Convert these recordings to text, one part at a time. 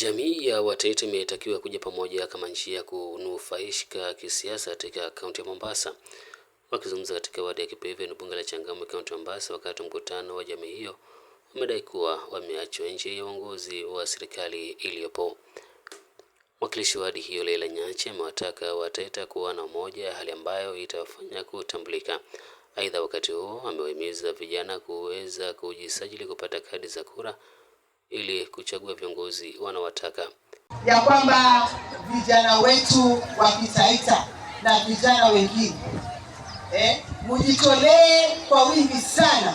Jamii ya wataita imetakiwa kuja pamoja kama njia ya kunufaishika kisiasa katika kaunti ya Mombasa. Wakizungumza katika wadi ya Kipevu ni bunge la Changamwe, kaunti ya Mombasa, wakati mkutano wa jamii hiyo, wamedai kuwa wameachwa nje ya uongozi wa serikali iliyopo. Mwakilishi wa wadi hiyo Leila Nyache amewataka wataita kuwa na umoja, hali ambayo itawafanya kutambulika. Aidha, wakati huo amewahimiza vijana kuweza kujisajili kupata kadi za kura ili kuchagua viongozi wanaowataka, ya kwamba vijana wetu wa Kitaita na vijana wengine eh, mujitolee kwa wingi sana,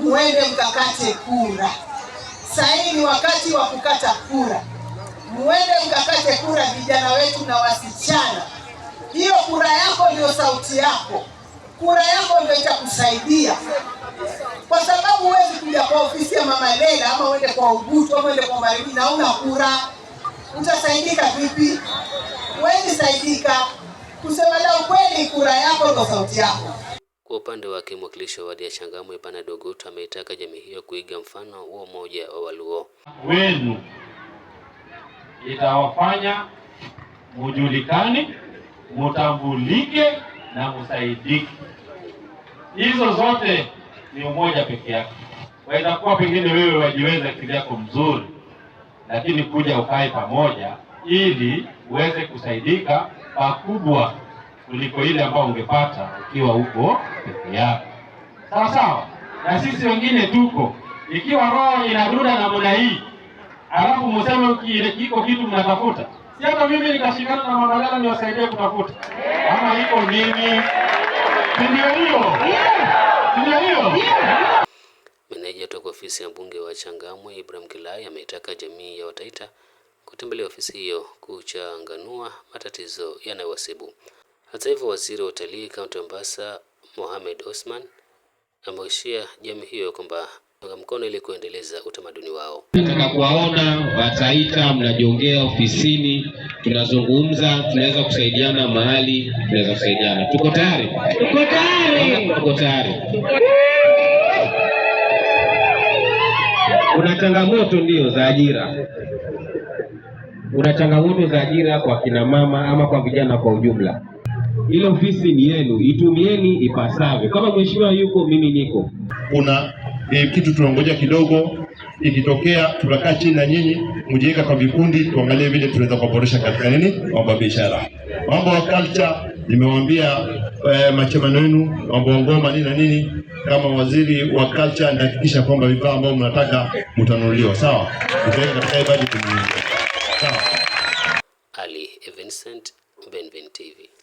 muende mkakate kura. Sahii ni wakati wa kukata kura, muende mkakate kura, vijana wetu na wasichana. Hiyo kura yako ndio sauti yako, kura yako ndio itakusaidia, kwa sababu huwezi kuja kwa ofisi mama Leila ama uende kwa Ubutu ama uende kwa Malimi na una kura, utasaidika vipi? Huwezi saidika. Kusema la ukweli, kura yako ndio sauti yako. Kwa upande wake mwakilishi wa wadi ya Changamwe Bana Dogut ameitaka jamii hiyo kuiga mfano wa umoja wa Waluo. Wenu itawafanya mujulikane, mutambulike na musaidike. Hizo zote ni umoja peke yake waweza kuwa pengine wewe wajiweza akili yako mzuri, lakini kuja ukae pamoja ili uweze kusaidika pakubwa kuliko ile ambayo ungepata ukiwa huko peke yako. Sawa sawa, na sisi wengine tuko, ikiwa roho na namna hii alafu museme kiko kitu mnatafuta, si hata mimi nikashikana na Mama niwasaidie kutafuta, ama iko nini? Ndio hiyo, ndio hiyo kutoka ofisi ya mbunge wa Changamwe Ibrahim Kilai ameitaka jamii ya Wataita kutembelea ofisi hiyo kuchanganua matatizo yanayowasibu. Hata hivyo, waziri wa utalii kaunti ya Mombasa Mohamed Osman ameishia jamii hiyo kwamba unga mkono ili kuendeleza utamaduni wao. Nataka kuwaona Wataita, mnajongea ofisini, tunazungumza, tunaweza kusaidiana mahali, tunaweza kusaidiana. Tuko tayari, tuko tayari, tuko tayari. Kuna changamoto ndio za ajira, kuna changamoto za ajira kwa kina mama ama kwa vijana kwa ujumla. Ile ofisi ni yenu, itumieni ipasavyo. Kama mheshimiwa yuko, mimi niko. Kuna eh, kitu tunangoja kidogo, ikitokea tutakaa chini na nyinyi, mjiweka kwa vikundi, tuangalie vile tunaweza kuboresha katika nini, mambo ya biashara, mambo ya culture nimewaambia eh, machemano wenu ngoma nini na nini, kama waziri wa culture, nahakikisha kwamba vifaa ambavyo mnataka mtanunuliwa, sawa, mtaweka katika ibadi, sawa. Ali Vincent, Benvin TV.